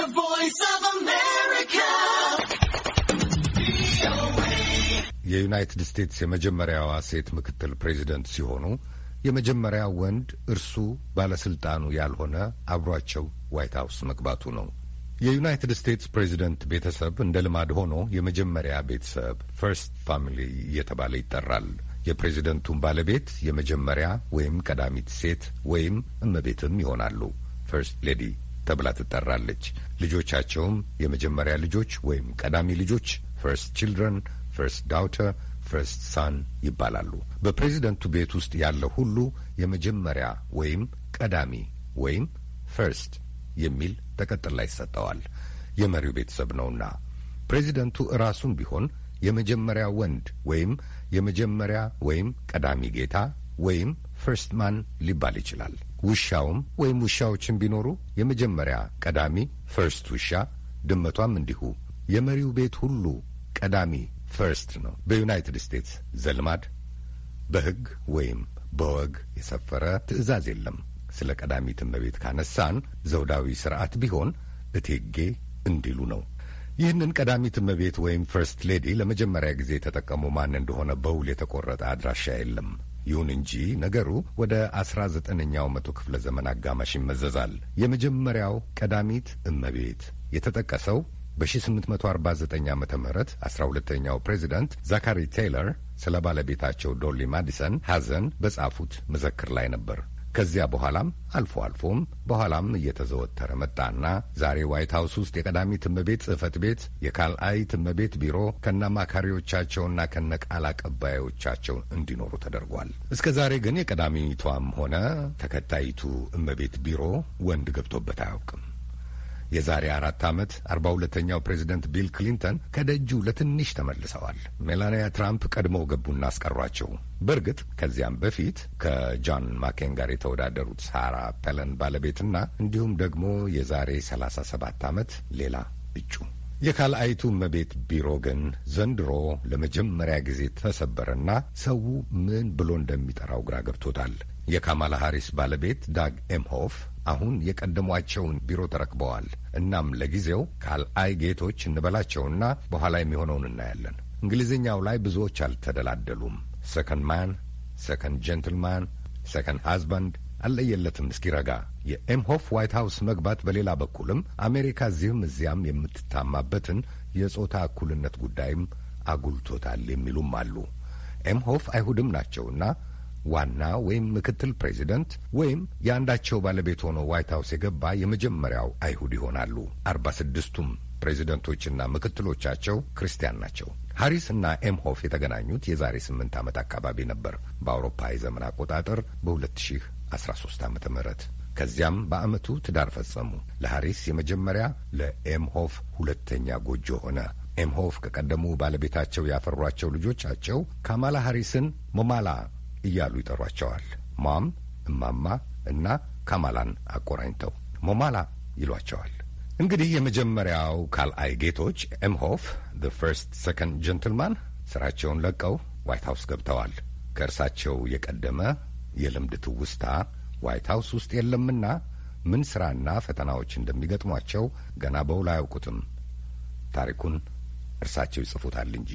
The Voice of America. የዩናይትድ ስቴትስ የመጀመሪያዋ ሴት ምክትል ፕሬዚደንት ሲሆኑ የመጀመሪያ ወንድ እርሱ ባለስልጣኑ ያልሆነ አብሯቸው ዋይት ሀውስ መግባቱ ነው። የዩናይትድ ስቴትስ ፕሬዚደንት ቤተሰብ እንደ ልማድ ሆኖ የመጀመሪያ ቤተሰብ ፈርስት ፋሚሊ እየተባለ ይጠራል። የፕሬዚደንቱን ባለቤት የመጀመሪያ ወይም ቀዳሚት ሴት ወይም እመቤትም ይሆናሉ ፈርስት ሌዲ ተብላ ትጠራለች። ልጆቻቸውም የመጀመሪያ ልጆች ወይም ቀዳሚ ልጆች ፈርስት ችልድረን፣ ፈርስት ዳውተር፣ ፈርስት ሳን ይባላሉ። በፕሬዚደንቱ ቤት ውስጥ ያለው ሁሉ የመጀመሪያ ወይም ቀዳሚ ወይም ፈርስት የሚል ተቀጥላ ይሰጠዋል። የመሪው ቤተሰብ ነውና ፕሬዚደንቱ እራሱም ቢሆን የመጀመሪያ ወንድ ወይም የመጀመሪያ ወይም ቀዳሚ ጌታ ወይም ፈርስት ማን ሊባል ይችላል። ውሻውም ወይም ውሻዎችን ቢኖሩ የመጀመሪያ ቀዳሚ ፈርስት ውሻ፣ ድመቷም እንዲሁ የመሪው ቤት ሁሉ ቀዳሚ ፈርስት ነው። በዩናይትድ ስቴትስ ዘልማድ በሕግ ወይም በወግ የሰፈረ ትዕዛዝ የለም። ስለ ቀዳሚ እመቤት ካነሳን ዘውዳዊ ስርዓት ቢሆን እቴጌ እንዲሉ ነው። ይህንን ቀዳሚት እመቤት ወይም ፈርስት ሌዲ ለመጀመሪያ ጊዜ የተጠቀሙ ማን እንደሆነ በውል የተቆረጠ አድራሻ የለም። ይሁን እንጂ ነገሩ ወደ አስራ ዘጠነኛው መቶ ክፍለ ዘመን አጋማሽ ይመዘዛል። የመጀመሪያው ቀዳሚት እመቤት የተጠቀሰው በ1849 ዓ ም 12ኛው ፕሬዚዳንት ዛካሪ ቴይለር ስለ ባለቤታቸው ዶሊ ማዲሰን ሐዘን በጻፉት መዘክር ላይ ነበር። ከዚያ በኋላም አልፎ አልፎም በኋላም እየተዘወተረ መጣና ዛሬ ዋይት ሀውስ ውስጥ የቀዳሚ እመቤት ጽህፈት ቤት የካልአይ እመቤት ቢሮ ከነአማካሪዎቻቸውና ከነ ቃል አቀባዮቻቸው እንዲኖሩ ተደርጓል። እስከ ዛሬ ግን የቀዳሚቷም ሆነ ተከታይቱ እመቤት ቢሮ ወንድ ገብቶበት አያውቅም። የዛሬ አራት ዓመት አርባ ሁለተኛው ፕሬዚደንት ቢል ክሊንተን ከደጁ ለትንሽ ተመልሰዋል። ሜላንያ ትራምፕ ቀድመው ገቡና አስቀሯቸው። በእርግጥ ከዚያም በፊት ከጆን ማኬን ጋር የተወዳደሩት ሳራ ፐለን ባለቤትና እንዲሁም ደግሞ የዛሬ ሰላሳ ሰባት ዓመት ሌላ እጩ የካልአይቱ መቤት ቢሮ ግን ዘንድሮ ለመጀመሪያ ጊዜ ተሰበረና ሰው ምን ብሎ እንደሚጠራው ግራ ገብቶታል። የካማላ ሃሪስ ባለቤት ዳግ ኤምሆፍ አሁን የቀደሟቸውን ቢሮ ተረክበዋል። እናም ለጊዜው ካልአይ ጌቶች እንበላቸውና በኋላ የሚሆነውን እናያለን። እንግሊዝኛው ላይ ብዙዎች አልተደላደሉም። ሰከንድ ማን፣ ሰከንድ ጀንትልማን፣ ሰከንድ ሃዝባንድ አልለየለትም እስኪረጋ። የኤምሆፍ ዋይት ሀውስ መግባት በሌላ በኩልም አሜሪካ እዚህም እዚያም የምትታማበትን የጾታ እኩልነት ጉዳይም አጉልቶታል የሚሉም አሉ። ኤምሆፍ አይሁድም ናቸውና ዋና ወይም ምክትል ፕሬዚደንት ወይም የአንዳቸው ባለቤት ሆኖ ዋይት ሀውስ የገባ የመጀመሪያው አይሁድ ይሆናሉ። አርባ ስድስቱም ፕሬዚደንቶችና ምክትሎቻቸው ክርስቲያን ናቸው። ሃሪስ እና ኤምሆፍ የተገናኙት የዛሬ ስምንት ዓመት አካባቢ ነበር በአውሮፓ የዘመን አቆጣጠር በ2013 ዓ ም ከዚያም በአመቱ ትዳር ፈጸሙ። ለሃሪስ የመጀመሪያ ለኤምሆፍ ሁለተኛ ጎጆ ሆነ። ኤምሆፍ ከቀደሙ ባለቤታቸው ያፈሯቸው ልጆቻቸው ካማላ ሃሪስን ሞማላ እያሉ ይጠሯቸዋል። ማም እማማ እና ካማላን አቆራኝተው ሞማላ ይሏቸዋል። እንግዲህ የመጀመሪያው ካልአይ ጌቶች ኤምሆፍ ዘ ፈርስት ሰከንድ ጀንትልማን ስራቸውን ለቀው ዋይት ሀውስ ገብተዋል። ከእርሳቸው የቀደመ የልምድ ትውስታ ዋይት ሀውስ ውስጥ የለምና ምን ስራና ፈተናዎች እንደሚገጥሟቸው ገና በውል አያውቁትም። ታሪኩን እርሳቸው ይጽፉታል እንጂ